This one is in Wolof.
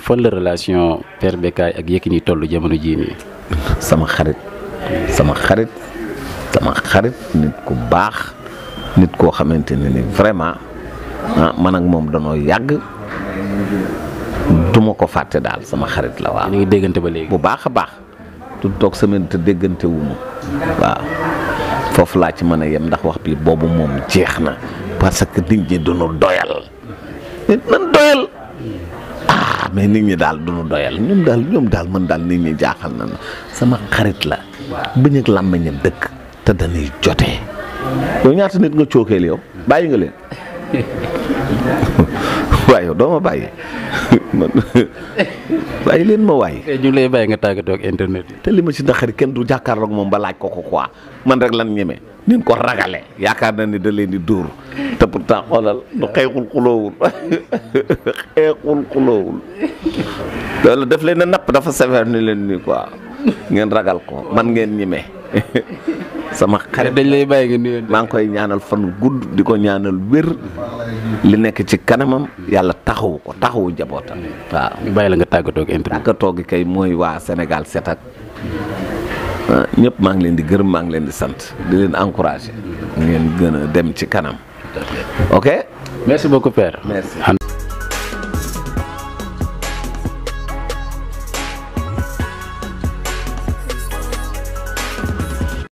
fan la relation per Bécaye ak ni tollu jamono jii nii. sama xarit sama xarit sama xarit nit ku baax nit koo xamante ne ni vraiment ah man ak moom danoo yàgg duma ko fàtte daal sama xarit la waaw. ñu ngi déggante ba léegi bu baax a baax. du toog semaine te déggante waaw foofu laa ci mën a yem ndax wax bi boobu moom jeex na parce que nit ñi duñu doyal nan doyal. mais nit ñi daal duñu doyal ñoom daal ñoom daal mën daal nit ñi jaaxal na sama xarit la bëñ ak làmmiñam dëkk te dañuy jotee yow ñaata nit nga cookeel yow bàyyi nga leen waaye yow doo ma bàyyi man bàyyi leen ma waay. Eh, lay bàyyi nga tàggatoo ak te li ma ci naqari kenn du jàkkaarloog moom ba laaj ko ko quoi man rek lan ñeme. ni ko ragale yaakaar na ni da leen di dóor te pourtant xoolal du xeexul xuloowul xeexul xuloowul loolu daf leen a napp dafa sévère ni leen nii quoi ngeen ragal ko man ngeen ñime sama xarit dañ lay bàyyi nga nuyoo maa ngi koy ñaanal fan gudd di ko ñaanal wér li nekk ci kanamam yàlla taxawu ko taxawu jabootam waaw. ñu la nga tàggatoo ak internet. tàggatoo gi kay mooy waa Sénégal set Euh, ñëpp maa ngi leen di gërëm maa ngi leen di sant di leen encouragé ngeen gën a dem ci kanam ok merci beaucoup père